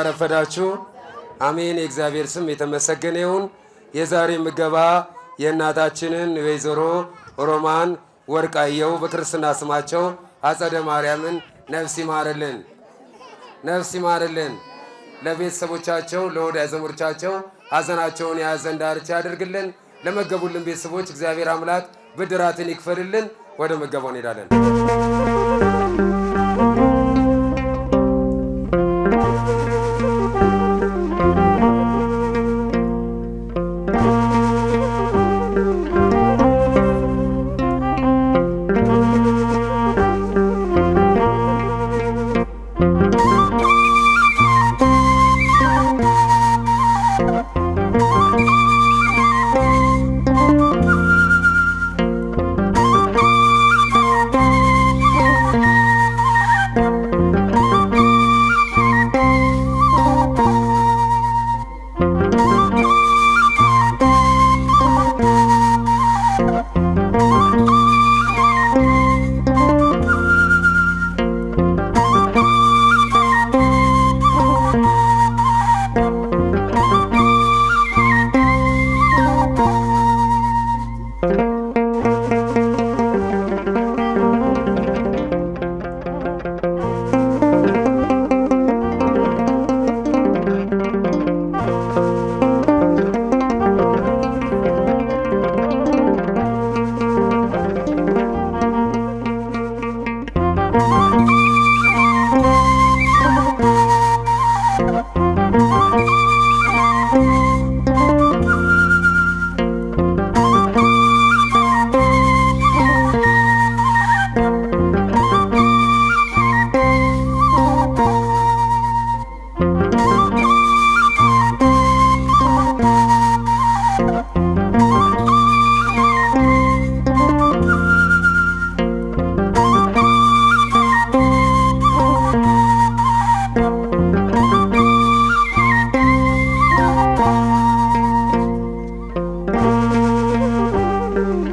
ስላረፈዳችሁ አሜን። የእግዚአብሔር ስም የተመሰገነ ይሁን። የዛሬ ምገባ የእናታችንን ወይዘሮ ሮማን ወርቃየው በክርስትና ስማቸው አጸደ ማርያምን ነፍስ ይማርልን፣ ነፍስ ይማርልን። ለቤተሰቦቻቸው ለወዳጅ ዘመዶቻቸው ሀዘናቸውን የያዘን ዳርቻ ያደርግልን። ለመገቡልን ቤተሰቦች እግዚአብሔር አምላክ ብድራትን ይክፈልልን። ወደ መገባው እንሄዳለን። Bye.